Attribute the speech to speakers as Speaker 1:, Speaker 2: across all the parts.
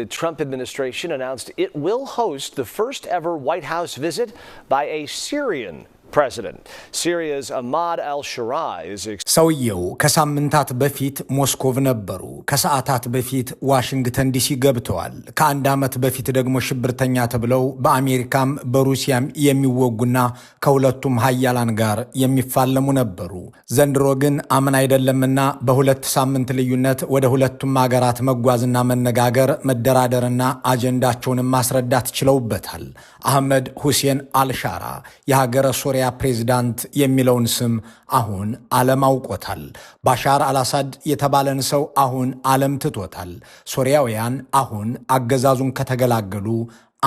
Speaker 1: The Trump administration announced it will host the first ever White House visit by a Syrian
Speaker 2: ሰውየው ከሳምንታት በፊት ሞስኮቭ ነበሩ። ከሰዓታት በፊት ዋሽንግተን ዲሲ ገብተዋል። ከአንድ ዓመት በፊት ደግሞ ሽብርተኛ ተብለው በአሜሪካም በሩሲያም የሚወጉና ከሁለቱም ሀያላን ጋር የሚፋለሙ ነበሩ። ዘንድሮ ግን አምን አይደለምና በሁለት ሳምንት ልዩነት ወደ ሁለቱም ሀገራት መጓዝና መነጋገር፣ መደራደርና አጀንዳቸውንም ማስረዳት ችለውበታል። አህመድ ሁሴን አልሻራ የሀገረ ሶሪያ የሶሪያ ፕሬዚዳንት የሚለውን ስም አሁን ዓለም አውቆታል። ባሻር አልአሳድ የተባለን ሰው አሁን ዓለም ትቶታል። ሶሪያውያን አሁን አገዛዙን ከተገላገሉ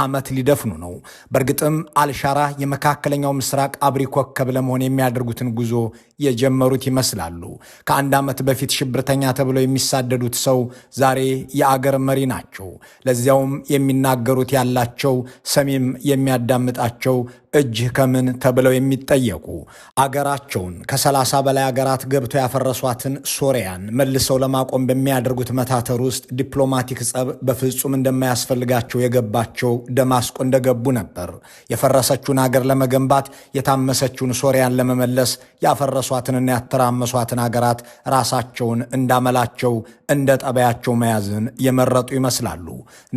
Speaker 2: ዓመት ሊደፍኑ ነው። በእርግጥም አልሻራ የመካከለኛው ምስራቅ አብሪ ኮከብ ለመሆን የሚያደርጉትን ጉዞ የጀመሩት ይመስላሉ። ከአንድ ዓመት በፊት ሽብርተኛ ተብለው የሚሳደዱት ሰው ዛሬ የአገር መሪ ናቸው። ለዚያውም የሚናገሩት ያላቸው፣ ሰሚም የሚያዳምጣቸው፣ እጅህ ከምን ተብለው የሚጠየቁ አገራቸውን ከሰላሳ በላይ አገራት ገብተው ያፈረሷትን ሶሪያን መልሰው ለማቆም በሚያደርጉት መታተር ውስጥ ዲፕሎማቲክ ጸብ በፍጹም እንደማያስፈልጋቸው የገባቸው ደማስቆ እንደገቡ ነበር። የፈረሰችውን አገር ለመገንባት የታመሰችውን ሶሪያን ለመመለስ ያፈረሷትንና ያተራመሷትን አገራት ራሳቸውን እንዳመላቸው እንደ ጠበያቸው መያዝን የመረጡ ይመስላሉ።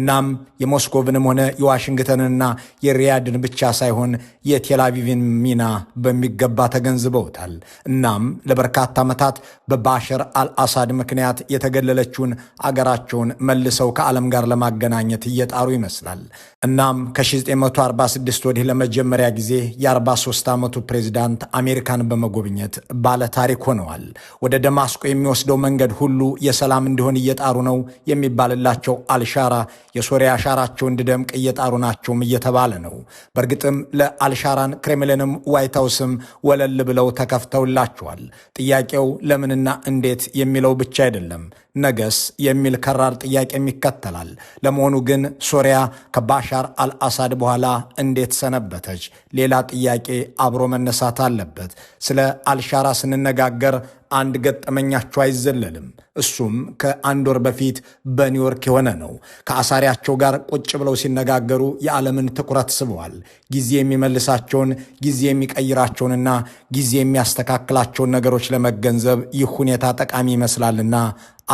Speaker 2: እናም የሞስኮቭንም ሆነ የዋሽንግተንና የሪያድን ብቻ ሳይሆን የቴላቪቭን ሚና በሚገባ ተገንዝበውታል። እናም ለበርካታ ዓመታት በባሽር አልአሳድ ምክንያት የተገለለችውን አገራቸውን መልሰው ከዓለም ጋር ለማገናኘት እየጣሩ ይመስላል። እናም ከ1946 ወዲህ ለመጀመሪያ ጊዜ የ43 ዓመቱ ፕሬዚዳንት አሜሪካን በመጎብኘት ባለ ታሪክ ሆነዋል። ወደ ደማስቆ የሚወስደው መንገድ ሁሉ የሰላም እንዲሆን እየጣሩ ነው የሚባልላቸው አልሻራ የሶሪያ አሻራቸው እንዲደምቅ እየጣሩ ናቸውም እየተባለ ነው። በእርግጥም ለ አልሻራን ክሬምሊንም ዋይት ሀውስም ወለል ብለው ተከፍተውላቸዋል። ጥያቄው ለምንና እንዴት የሚለው ብቻ አይደለም፣ ነገስ የሚል ከራር ጥያቄም ይከተላል። ለመሆኑ ግን ሶሪያ ከባሻር አልአሳድ በኋላ እንዴት ሰነበተች? ሌላ ጥያቄ አብሮ መነሳት አለበት። ስለ አልሻራ ስንነጋገር አንድ ገጠመኛቸው አይዘለልም። እሱም ከአንድ ወር በፊት በኒውዮርክ የሆነ ነው። ከአሳሪያቸው ጋር ቁጭ ብለው ሲነጋገሩ የዓለምን ትኩረት ስበዋል። ጊዜ የሚመልሳቸውን፣ ጊዜ የሚቀይራቸውንና ጊዜ የሚያስተካክላቸውን ነገሮች ለመገንዘብ ይህ ሁኔታ ጠቃሚ ይመስላልና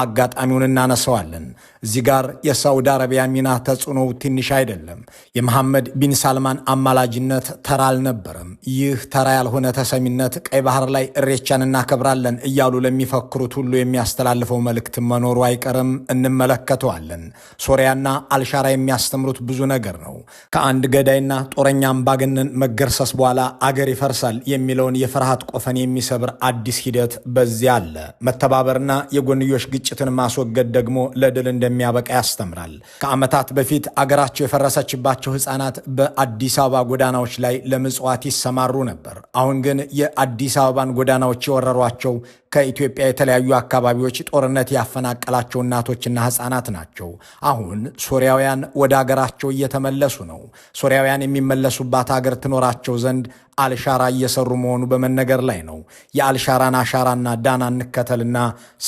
Speaker 2: አጋጣሚውን እናነሰዋለን። እዚህ ጋር የሳውዲ አረቢያ ሚና ተጽዕኖ ትንሽ አይደለም። የመሐመድ ቢን ሳልማን አማላጅነት ተራ አልነበረም። ይህ ተራ ያልሆነ ተሰሚነት ቀይ ባህር ላይ እሬቻን እናከብራለን እያሉ ለሚፈክሩት ሁሉ የሚያስተላልፈው መልእክት መኖሩ አይቀርም። እንመለከተዋለን። ሶሪያና አልሻራ የሚያስተምሩት ብዙ ነገር ነው። ከአንድ ገዳይና ጦረኛ አምባገነን መገርሰስ በኋላ አገር ይፈርሳል የሚለውን የፍርሃት ቆፈን የሚሰብር አዲስ ሂደት በዚያ አለ። መተባበርና የጎንዮሽ ግጭትን ማስወገድ ደግሞ ለድል እንደሚያበቃ ያስተምራል። ከዓመታት በፊት አገራቸው የፈረሰችባቸው ሕፃናት በአዲስ አበባ ጎዳናዎች ላይ ለምጽዋት ይሰማሩ ነበር። አሁን ግን የአዲስ አበባን ጎዳናዎች የወረሯቸው ከኢትዮጵያ የተለያዩ አካባቢዎች ጦርነት ያፈናቀላቸው እናቶችና ህፃናት ናቸው። አሁን ሶሪያውያን ወደ አገራቸው እየተመለሱ ነው። ሶሪያውያን የሚመለሱባት አገር ትኖራቸው ዘንድ አልሻራ እየሰሩ መሆኑ በመነገር ላይ ነው። የአልሻራን አሻራና ዳና እንከተልና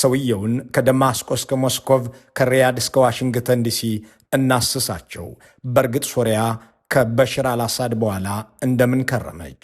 Speaker 2: ሰውየውን ከደማስቆ እስከ ሞስኮቭ ከሪያድ እስከ ዋሽንግተን ዲሲ እናስሳቸው። በእርግጥ ሶሪያ ከበሽር አልአሳድ በኋላ እንደምን ከረመች?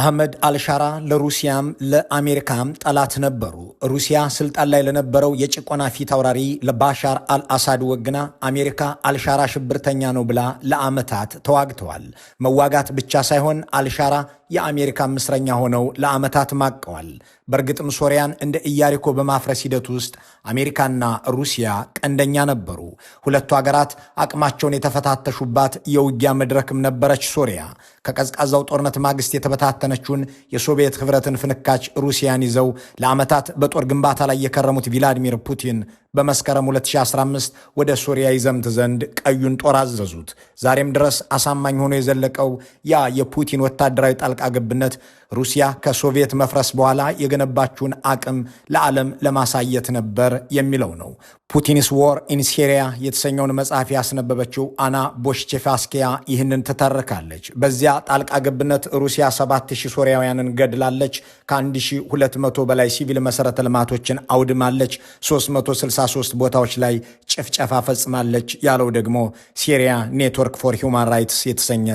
Speaker 2: አህመድ አልሻራ ለሩሲያም ለአሜሪካም ጠላት ነበሩ። ሩሲያ ስልጣን ላይ ለነበረው የጭቆና ፊት አውራሪ ለባሻር አልአሳድ ወግና አሜሪካ አልሻራ ሽብርተኛ ነው ብላ ለአመታት ተዋግተዋል። መዋጋት ብቻ ሳይሆን አልሻራ የአሜሪካ ምስረኛ ሆነው ለዓመታት ማቀዋል። በእርግጥም ሶሪያን እንደ ኢያሪኮ በማፍረስ ሂደት ውስጥ አሜሪካና ሩሲያ ቀንደኛ ነበሩ። ሁለቱ ሀገራት አቅማቸውን የተፈታተሹባት የውጊያ መድረክም ነበረች። ሶሪያ ከቀዝቃዛው ጦርነት ማግስት የተበታተነችውን የሶቪየት ህብረትን ፍንካች ሩሲያን ይዘው ለዓመታት በጦር ግንባታ ላይ የከረሙት ቪላዲሚር ፑቲን በመስከረም 2015 ወደ ሱሪያ ይዘምት ዘንድ ቀዩን ጦር አዘዙት። ዛሬም ድረስ አሳማኝ ሆኖ የዘለቀው ያ የፑቲን ወታደራዊ ጣልቃ ገብነት ሩሲያ ከሶቪየት መፍረስ በኋላ የገነባችውን አቅም ለዓለም ለማሳየት ነበር የሚለው ነው። ፑቲንስ ዎር ኢን ሲሪያ የተሰኘውን መጽሐፍ ያስነበበችው አና ቦሽቼፋስኪያ ይህንን ትተርካለች። በዚያ ጣልቃ ገብነት ሩሲያ 7000 ሶሪያውያንን ገድላለች፣ ከ1200 በላይ ሲቪል መሠረተ ልማቶችን አውድማለች፣ 363 ቦታዎች ላይ ጭፍጨፋ ፈጽማለች ያለው ደግሞ ሲሪያ ኔትወርክ ፎር ሂውማን ራይትስ የተሰኘ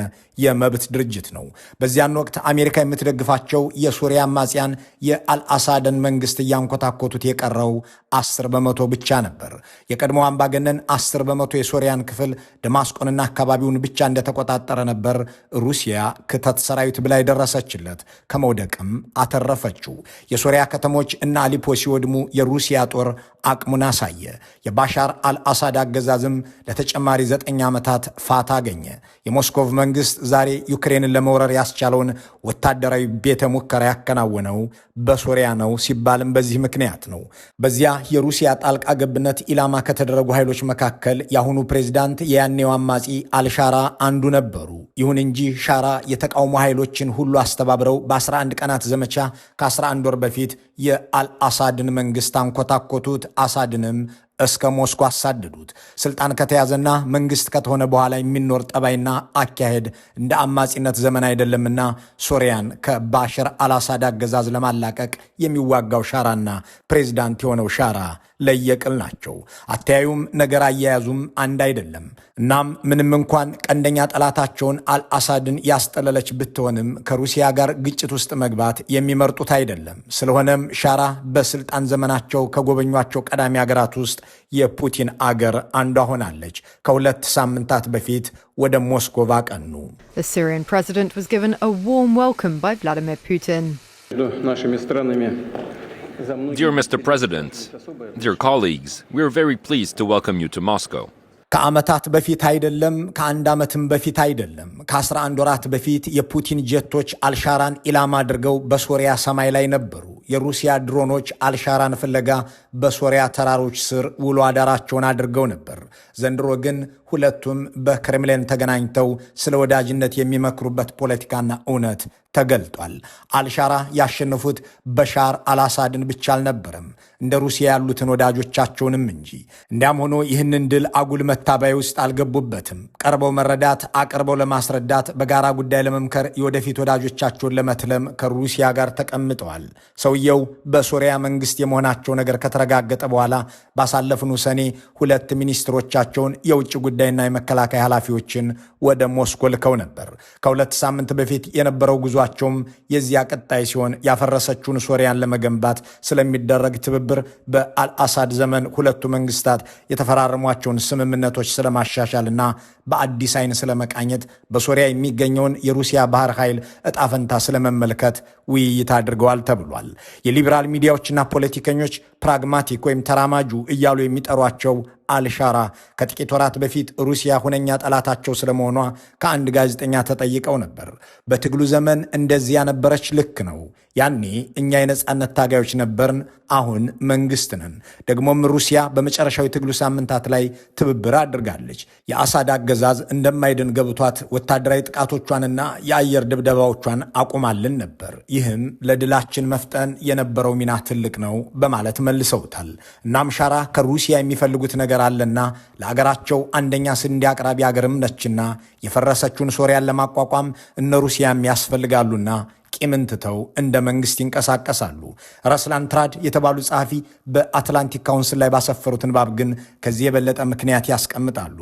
Speaker 2: የመብት ድርጅት ነው። በዚያን ወቅት አሜሪካ የምትደግ ግፋቸው የሱሪያ አማጽያን የአልአሳድን መንግስት እያንኮታኮቱት የቀረው አስር በመቶ ብቻ ነበር። የቀድሞ አምባገነን አስር በመቶ የሶሪያን ክፍል ደማስቆንና አካባቢውን ብቻ እንደተቆጣጠረ ነበር ሩሲያ ክተት ሰራዊት ብላ የደረሰችለት። ከመውደቅም አተረፈችው። የሶሪያ ከተሞች እና አሊፖ ሲወድሙ የሩሲያ ጦር አቅሙን አሳየ። የባሻር አልአሳድ አገዛዝም ለተጨማሪ ዘጠኝ ዓመታት ፋታ አገኘ። የሞስኮቭ መንግስት ዛሬ ዩክሬንን ለመውረር ያስቻለውን ወታደራዊ ቤተ ሙከራ ያከናወነው በሶሪያ ነው ሲባልም በዚህ ምክንያት ነው። በዚያ የሩሲያ ጣልቃ ገብነት ኢላማ ከተደረጉ ኃይሎች መካከል የአሁኑ ፕሬዚዳንት የያኔው አማጺ አልሻራ አንዱ ነበሩ። ይሁን እንጂ ሻራ የተቃውሞ ኃይሎችን ሁሉ አስተባብረው በ11 ቀናት ዘመቻ ከ11 ወር በፊት የአልአሳድን መንግስት አንኮታኮቱት። አሳድንም እስከ ሞስኮ አሳደዱት። ስልጣን ከተያዘና መንግስት ከተሆነ በኋላ የሚኖር ጠባይና አካሄድ እንደ አማጺነት ዘመን አይደለምና ሶሪያን ከባሽር አላሳድ አገዛዝ ለማላቀቅ የሚዋጋው ሻራና ፕሬዚዳንት የሆነው ሻራ ለየቅል ናቸው። አተያዩም ነገር አያያዙም አንድ አይደለም። እናም ምንም እንኳን ቀንደኛ ጠላታቸውን አልአሳድን ያስጠለለች ብትሆንም ከሩሲያ ጋር ግጭት ውስጥ መግባት የሚመርጡት አይደለም። ስለሆነም ሻራ በስልጣን ዘመናቸው ከጎበኟቸው ቀዳሚ ሀገራት ውስጥ የፑቲን አገር አንዷ ሆናለች። ከሁለት ሳምንታት በፊት ወደ ሞስኮቫ ቀኑ።
Speaker 3: ፕሬዚደንት
Speaker 4: Dear Mr. President, dear colleagues, we are very pleased to welcome you to Moscow.
Speaker 2: ከዓመታት በፊት አይደለም፣ ከአንድ ዓመትም በፊት አይደለም፣ ከ11 ወራት በፊት የፑቲን ጀቶች አልሻራን ኢላማ አድርገው በሶሪያ ሰማይ ላይ ነበሩ። የሩሲያ ድሮኖች አልሻራን ፍለጋ በሶሪያ ተራሮች ስር ውሎ አዳራቸውን አድርገው ነበር። ዘንድሮ ግን ሁለቱም በክሬምሊን ተገናኝተው ስለ ወዳጅነት የሚመክሩበት ፖለቲካና እውነት ተገልጧል። አልሻራ ያሸነፉት በሻር አልአሳድን ብቻ አልነበረም እንደ ሩሲያ ያሉትን ወዳጆቻቸውንም እንጂ። እንዲያም ሆኖ ይህንን ድል አጉል መታበይ ውስጥ አልገቡበትም። ቀርበው መረዳት፣ አቅርበው ለማስረዳት፣ በጋራ ጉዳይ ለመምከር፣ የወደፊት ወዳጆቻቸውን ለመትለም ከሩሲያ ጋር ተቀምጠዋል። ሰውየው በሶሪያ መንግስት የመሆናቸው ነገር ከተረጋገጠ በኋላ ባሳለፍኑ ሰኔ ሁለት ሚኒስትሮቻቸውን የውጭ ጉዳይና የመከላከያ ኃላፊዎችን ወደ ሞስኮ ልከው ነበር። ከሁለት ሳምንት በፊት የነበረው ጉዞ ጉዟቸውም የዚያ ቀጣይ ሲሆን ያፈረሰችውን ሶሪያን ለመገንባት ስለሚደረግ ትብብር በአልአሳድ ዘመን ሁለቱ መንግስታት የተፈራረሟቸውን ስምምነቶች ስለማሻሻልና በአዲስ አይን ስለመቃኘት በሶሪያ የሚገኘውን የሩሲያ ባህር ኃይል እጣፈንታ ስለመመልከት ውይይት አድርገዋል ተብሏል። የሊበራል ሚዲያዎችና ፖለቲከኞች ፕራግማቲክ ወይም ተራማጁ እያሉ የሚጠሯቸው አልሻራ ከጥቂት ወራት በፊት ሩሲያ ሁነኛ ጠላታቸው ስለመሆኗ ከአንድ ጋዜጠኛ ተጠይቀው ነበር። በትግሉ ዘመን እንደዚያ ነበረች፣ ልክ ነው። ያኔ እኛ የነጻነት ታጋዮች ነበርን፣ አሁን መንግስት ነን። ደግሞም ሩሲያ በመጨረሻው የትግሉ ሳምንታት ላይ ትብብር አድርጋለች። የአሳድ አገዛዝ እንደማይድን ገብቷት ወታደራዊ ጥቃቶቿንና የአየር ድብደባዎቿን አቁማልን ነበር። ይህም ለድላችን መፍጠን የነበረው ሚና ትልቅ ነው በማለት መልሰውታል። እናም ሻራ ከሩሲያ የሚፈልጉት ነገር አለና ለአገራቸው አንደኛ ስንዴ አቅራቢ አገርም ነችና የፈረሰችውን ሶሪያን ለማቋቋም እነ ሩሲያም ያስፈልጋሉና ቂምን ትተው እንደ መንግስት ይንቀሳቀሳሉ። ረስላን ትራድ የተባሉ ጸሐፊ በአትላንቲክ ካውንስል ላይ ባሰፈሩት ንባብ ግን ከዚህ የበለጠ ምክንያት ያስቀምጣሉ።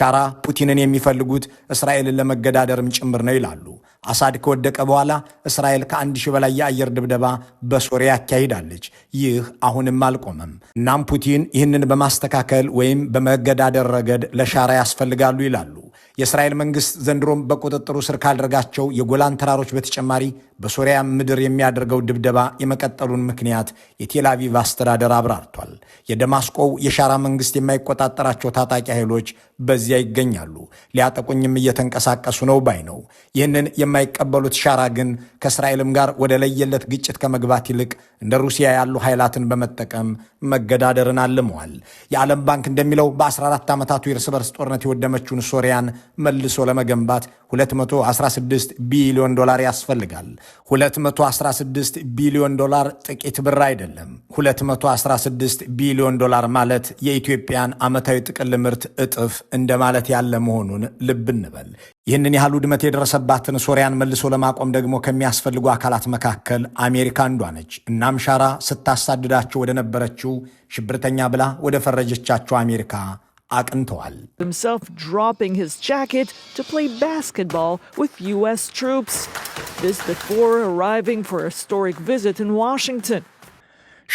Speaker 2: ሻራ ፑቲንን የሚፈልጉት እስራኤልን ለመገዳደርም ጭምር ነው ይላሉ። አሳድ ከወደቀ በኋላ እስራኤል ከአንድ ሺህ በላይ የአየር ድብደባ በሶሪያ አካሂዳለች። ይህ አሁንም አልቆመም። እናም ፑቲን ይህንን በማስተካከል ወይም በመገዳደር ረገድ ለሻራ ያስፈልጋሉ ይላሉ። የእስራኤል መንግስት ዘንድሮም በቁጥጥሩ ስር ካደረጋቸው የጎላን ተራሮች በተጨማሪ በሶሪያ ምድር የሚያደርገው ድብደባ የመቀጠሉን ምክንያት የቴላቪቭ አስተዳደር አብራርቷል። የደማስቆው የሻራ መንግስት የማይቆጣጠራቸው ታጣቂ ኃይሎች በዚያ ይገኛሉ፣ ሊያጠቁኝም እየተንቀሳቀሱ ነው ባይ ነው። ይህንን የማይቀበሉት ሻራ ግን ከእስራኤልም ጋር ወደ ለየለት ግጭት ከመግባት ይልቅ እንደ ሩሲያ ያሉ ኃይላትን በመጠቀም መገዳደርን አልመዋል። የዓለም ባንክ እንደሚለው በ14 ዓመታቱ የእርስ በርስ ጦርነት የወደመችውን ሶሪያን መልሶ ለመገንባት 216 ቢሊዮን ዶላር ያስፈልጋል። 216 ቢሊዮን ዶላር ጥቂት ብር አይደለም። 216 ቢሊዮን ዶላር ማለት የኢትዮጵያን ዓመታዊ ጥቅል ምርት እጥፍ እንደማለት ያለ መሆኑን ልብ እንበል። ይህንን ያህል ውድመት የደረሰባትን ሶሪያን መልሶ ለማቆም ደግሞ ከሚያስፈልጉ አካላት መካከል አሜሪካ አንዷ ነች። እናም ሻራ ስታሳድዳቸው ወደ ነበረችው ሽብርተኛ ብላ ወደ ፈረጀቻቸው አሜሪካ አቅንተዋል።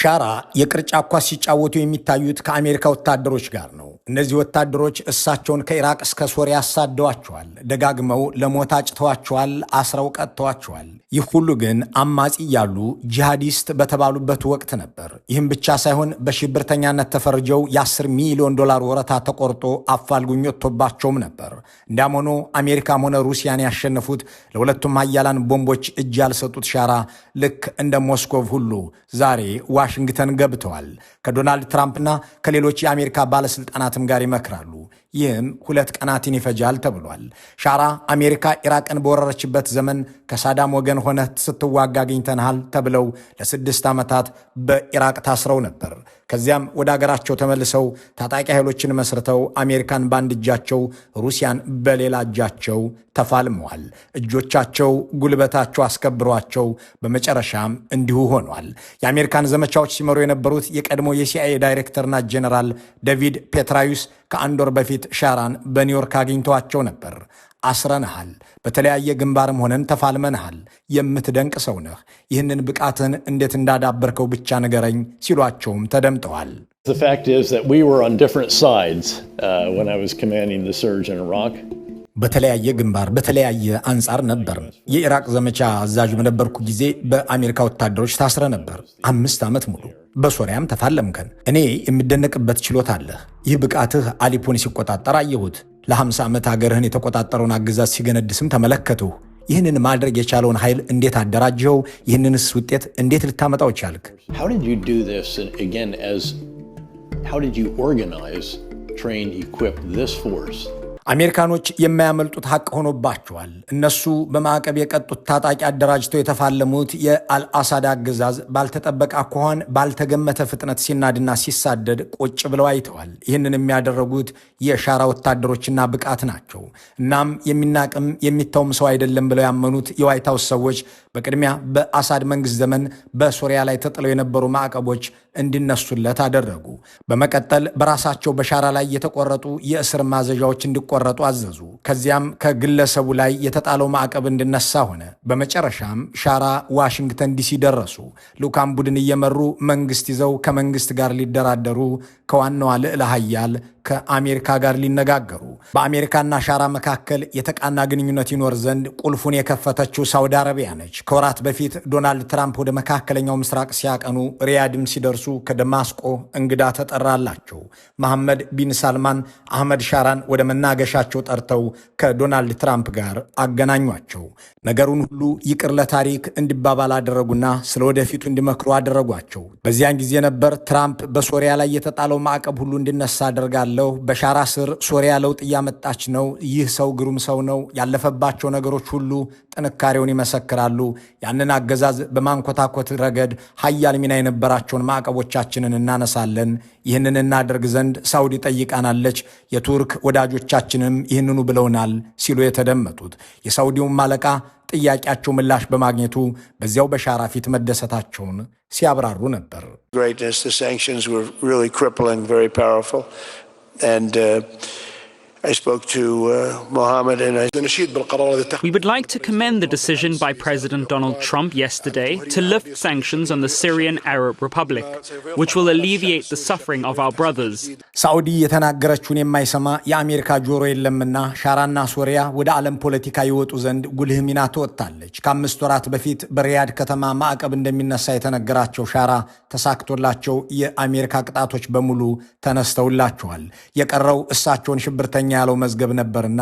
Speaker 2: ሻራ የቅርጫት ኳስ ሲጫወቱ የሚታዩት ከአሜሪካ ወታደሮች ጋር ነው። እነዚህ ወታደሮች እሳቸውን ከኢራቅ እስከ ሶሪያ አሳደዋቸዋል። ደጋግመው ለሞት አጭተዋቸዋል፣ አስረው ቀጥተዋቸዋል። ይህ ሁሉ ግን አማጺ ያሉ ጂሃዲስት በተባሉበት ወቅት ነበር። ይህም ብቻ ሳይሆን በሽብርተኛነት ተፈርጀው የ10 ሚሊዮን ዶላር ወረታ ተቆርጦ አፋልጉኝ ወጥቶባቸውም ነበር። እንዲያም ሆኖ አሜሪካም ሆነ ሩሲያን ያሸነፉት ለሁለቱም ሀያላን ቦምቦች እጅ ያልሰጡት ሻራ ልክ እንደ ሞስኮቭ ሁሉ ዛሬ ዋሽንግተን ገብተዋል። ከዶናልድ ትራምፕና ከሌሎች የአሜሪካ ባለስልጣናትም ጋር ይመክራሉ። ይህም ሁለት ቀናትን ይፈጃል ተብሏል። ሻራ አሜሪካ ኢራቅን በወረረችበት ዘመን ከሳዳም ወገን ሆነ ስትዋጋ አግኝተንሃል ተብለው ለስድስት ዓመታት በኢራቅ ታስረው ነበር። ከዚያም ወደ አገራቸው ተመልሰው ታጣቂ ኃይሎችን መስርተው አሜሪካን በአንድ እጃቸው፣ ሩሲያን በሌላ እጃቸው ተፋልመዋል። እጆቻቸው፣ ጉልበታቸው አስከብሯቸው በመጨረሻም እንዲሁ ሆኗል። የአሜሪካን ዘመቻዎች ሲመሩ የነበሩት የቀድሞ የሲአይኤ ዳይሬክተርና ጄኔራል ዴቪድ ፔትራዩስ ከአንድ ወር በፊት ሻራን በኒውዮርክ አግኝተዋቸው ነበር። አስረንሃል። በተለያየ ግንባርም ሆነን ተፋልመንሃል። የምትደንቅ ሰው ነህ። ይህንን ብቃትን እንዴት እንዳዳበርከው ብቻ ንገረኝ ሲሏቸውም ተደምጠዋል። uh, በተለያየ ግንባር በተለያየ አንጻር ነበር። የኢራቅ ዘመቻ አዛዥ በነበርኩ ጊዜ በአሜሪካ ወታደሮች ታስረ ነበር አምስት ዓመት ሙሉ። በሶሪያም ተፋለምከን። እኔ የምደነቅበት ችሎታ አለህ። ይህ ብቃትህ አሊፖን ሲቆጣጠር አየሁት። ለ50 ዓመት አገርህን የተቆጣጠረውን አገዛዝ ሲገነድስም ተመለከቱ። ይህንን ማድረግ የቻለውን ኃይል እንዴት አደራጀው? ይህንንስ ውጤት እንዴት ልታመጣው ቻልክ?
Speaker 5: How did you organize, train, equip this force?
Speaker 2: አሜሪካኖች የማያመልጡት ሀቅ ሆኖባቸዋል። እነሱ በማዕቀብ የቀጡት ታጣቂ አደራጅተው የተፋለሙት የአልአሳድ አገዛዝ ባልተጠበቀ አኳኋን፣ ባልተገመተ ፍጥነት ሲናድና ሲሳደድ ቁጭ ብለው አይተዋል። ይህንን የሚያደረጉት የሻራ ወታደሮችና ብቃት ናቸው። እናም የሚናቅም የሚታውም ሰው አይደለም ብለው ያመኑት የዋይት ሀውስ ሰዎች በቅድሚያ በአሳድ መንግስት ዘመን በሶሪያ ላይ ተጥለው የነበሩ ማዕቀቦች እንዲነሱለት አደረጉ። በመቀጠል በራሳቸው በሻራ ላይ የተቆረጡ የእስር ማዘዣዎች እንዲቆረጡ አዘዙ። ከዚያም ከግለሰቡ ላይ የተጣለው ማዕቀብ እንዲነሳ ሆነ። በመጨረሻም ሻራ ዋሽንግተን ዲሲ ደረሱ። ልዑካን ቡድን እየመሩ መንግስት ይዘው ከመንግስት ጋር ሊደራደሩ ከዋናዋ ልዕለ ሀያል ከአሜሪካ ጋር ሊነጋገሩ በአሜሪካና ሻራ መካከል የተቃና ግንኙነት ይኖር ዘንድ ቁልፉን የከፈተችው ሳውዲ አረቢያ ነች። ከወራት በፊት ዶናልድ ትራምፕ ወደ መካከለኛው ምስራቅ ሲያቀኑ ሪያድም ሲደርሱ ከደማስቆ እንግዳ ተጠራላቸው። መሐመድ ቢን ሳልማን አህመድ ሻራን ወደ መናገሻቸው ጠርተው ከዶናልድ ትራምፕ ጋር አገናኟቸው። ነገሩን ሁሉ ይቅር ለታሪክ እንዲባባል አደረጉና ስለ ወደፊቱ እንዲመክሩ አደረጓቸው። በዚያን ጊዜ ነበር ትራምፕ በሶሪያ ላይ የተጣለው ማዕቀብ ሁሉ እንዲነሳ አደርጋለሁ አለው። በሻራ ስር ሶሪያ ለውጥ እያመጣች ነው። ይህ ሰው ግሩም ሰው ነው። ያለፈባቸው ነገሮች ሁሉ ጥንካሬውን ይመሰክራሉ። ያንን አገዛዝ በማንኮታኮት ረገድ ሀያል ሚና የነበራቸውን ማዕቀቦቻችንን እናነሳለን። ይህንን እናደርግ ዘንድ ሳውዲ ጠይቃናለች። የቱርክ ወዳጆቻችንም ይህንኑ ብለውናል ሲሉ የተደመጡት የሳውዲውም አለቃ ጥያቄያቸው ምላሽ በማግኘቱ በዚያው በሻራ ፊት መደሰታቸውን ሲያብራሩ ነበር።
Speaker 6: and uh,
Speaker 3: We would like to commend the decision by President Donald Trump yesterday to lift sanctions on the Syrian Arab Republic, which will alleviate the suffering of our brothers.
Speaker 2: ሳዑዲ የተናገረችውን የማይሰማ የአሜሪካ ጆሮ የለምና ሻራና ሶሪያ ወደ ዓለም ፖለቲካ ይወጡ ዘንድ ጉልህ ሚና ትወጥታለች። ከአምስት ወራት በፊት በሪያድ ከተማ ማዕቀብ እንደሚነሳ የተነገራቸው ሻራ ተሳክቶላቸው የአሜሪካ ቅጣቶች በሙሉ ተነስተውላቸዋል። የቀረው እሳቸውን ሽብርተኛ ያለው መዝገብ ነበርና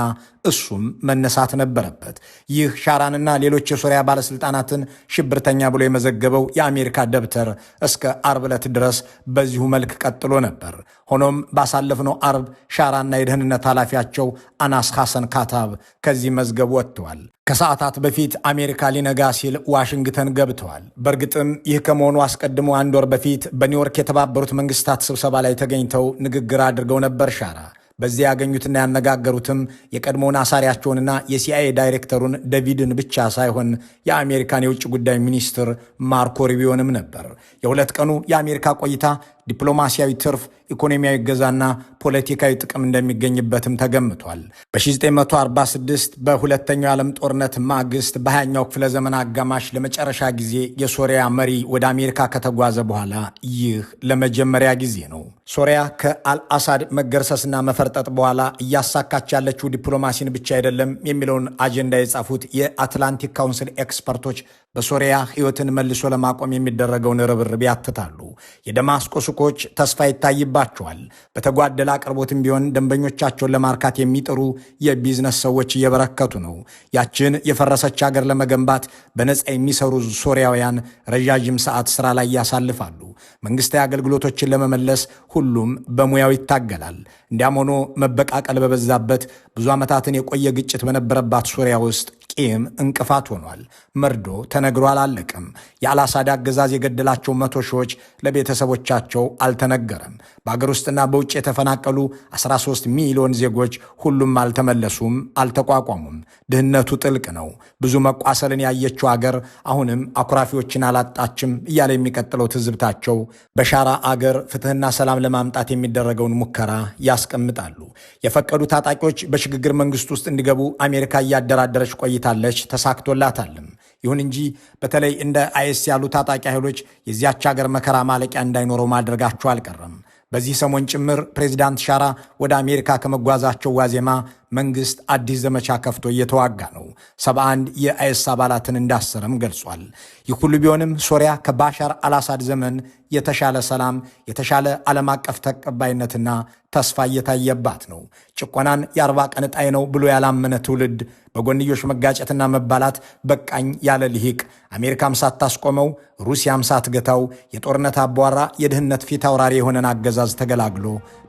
Speaker 2: እሱም መነሳት ነበረበት። ይህ ሻራንና ሌሎች የሶሪያ ባለስልጣናትን ሽብርተኛ ብሎ የመዘገበው የአሜሪካ ደብተር እስከ አርብ ዕለት ድረስ በዚሁ መልክ ቀጥሎ ነበር። ሆኖም ባሳለፍነው አርብ ሻራና የደህንነት ኃላፊያቸው አናስ ሐሰን ካታብ ከዚህ መዝገብ ወጥተዋል። ከሰዓታት በፊት አሜሪካ ሊነጋ ሲል ዋሽንግተን ገብተዋል። በእርግጥም ይህ ከመሆኑ አስቀድሞ አንድ ወር በፊት በኒውዮርክ የተባበሩት መንግስታት ስብሰባ ላይ ተገኝተው ንግግር አድርገው ነበር ሻራ በዚያ ያገኙትና ያነጋገሩትም የቀድሞውን አሳሪያቸውንና የሲአይኤ ዳይሬክተሩን ደቪድን ብቻ ሳይሆን የአሜሪካን የውጭ ጉዳይ ሚኒስትር ማርኮ ሩቢዮንም ነበር። የሁለት ቀኑ የአሜሪካ ቆይታ ዲፕሎማሲያዊ ትርፍ፣ ኢኮኖሚያዊ ገዛና ፖለቲካዊ ጥቅም እንደሚገኝበትም ተገምቷል። በ1946 በሁለተኛው የዓለም ጦርነት ማግስት በ በ20ኛው ክፍለ ዘመን አጋማሽ ለመጨረሻ ጊዜ የሶሪያ መሪ ወደ አሜሪካ ከተጓዘ በኋላ ይህ ለመጀመሪያ ጊዜ ነው። ሶሪያ ከአልአሳድ መገርሰስና መፈርጠጥ በኋላ እያሳካች ያለችው ዲፕሎማሲን ብቻ አይደለም የሚለውን አጀንዳ የጻፉት የአትላንቲክ ካውንስል ኤክስፐርቶች በሶሪያ ሕይወትን መልሶ ለማቆም የሚደረገውን ርብርብ ያትታሉ። የደማስቆ ሱቆች ተስፋ ይታይባቸዋል። በተጓደለ አቅርቦትም ቢሆን ደንበኞቻቸውን ለማርካት የሚጥሩ የቢዝነስ ሰዎች እየበረከቱ ነው። ያችን የፈረሰች ሀገር ለመገንባት በነፃ የሚሰሩ ሶሪያውያን ረዣዥም ሰዓት ስራ ላይ ያሳልፋሉ። መንግስታዊ አገልግሎቶችን ለመመለስ ሁሉም በሙያው ይታገላል። እንዲያም ሆኖ መበቃቀል በበዛበት ብዙ ዓመታትን የቆየ ግጭት በነበረባት ሶሪያ ውስጥ ቂም እንቅፋት ሆኗል። መርዶ ተነግሮ አላለቅም። የአላሳድ አገዛዝ የገደላቸው መቶ ሺዎች ለቤተሰቦቻቸው አልተነገረም። በአገር ውስጥና በውጭ የተፈናቀሉ 13 ሚሊዮን ዜጎች ሁሉም አልተመለሱም፣ አልተቋቋሙም። ድህነቱ ጥልቅ ነው። ብዙ መቋሰልን ያየችው አገር አሁንም አኩራፊዎችን አላጣችም እያለ የሚቀጥለው ትዝብታቸው በሻራ አገር ፍትህና ሰላም ለማምጣት የሚደረገውን ሙከራ ያስቀምጣሉ። የፈቀዱ ታጣቂዎች በሽግግር መንግስት ውስጥ እንዲገቡ አሜሪካ እያደራደረች ቆይታ ቆይታለች፣ ተሳክቶላታልም። ይሁን እንጂ በተለይ እንደ አይኤስ ያሉ ታጣቂ ኃይሎች የዚያች ሀገር መከራ ማለቂያ እንዳይኖረው ማድረጋቸው አልቀረም። በዚህ ሰሞን ጭምር ፕሬዚዳንት ሻራ ወደ አሜሪካ ከመጓዛቸው ዋዜማ መንግስት አዲስ ዘመቻ ከፍቶ እየተዋጋ ነው። 71 የአይስ አባላትን እንዳሰረም ገልጿል። ይህ ሁሉ ቢሆንም ሶሪያ ከባሻር አልአሳድ ዘመን የተሻለ ሰላም፣ የተሻለ ዓለም አቀፍ ተቀባይነትና ተስፋ እየታየባት ነው። ጭቆናን የአርባ ቀን ዕጣዬ ነው ብሎ ያላመነ ትውልድ በጎንዮሽ መጋጨትና መባላት በቃኝ ያለ ልሂቅ አሜሪካም ሳታስቆመው ሩሲያም ሳትገታው የጦርነት አቧራ የድህነት ፊት አውራሪ የሆነን አገዛዝ ተገላግሎ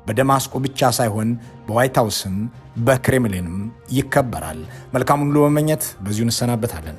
Speaker 2: በደማስቆ ብቻ ሳይሆን በዋይት ሀውስም በክሬምሊንም ይከበራል። መልካሙን ሁሉ መመኘት በዚሁ እንሰናበታለን።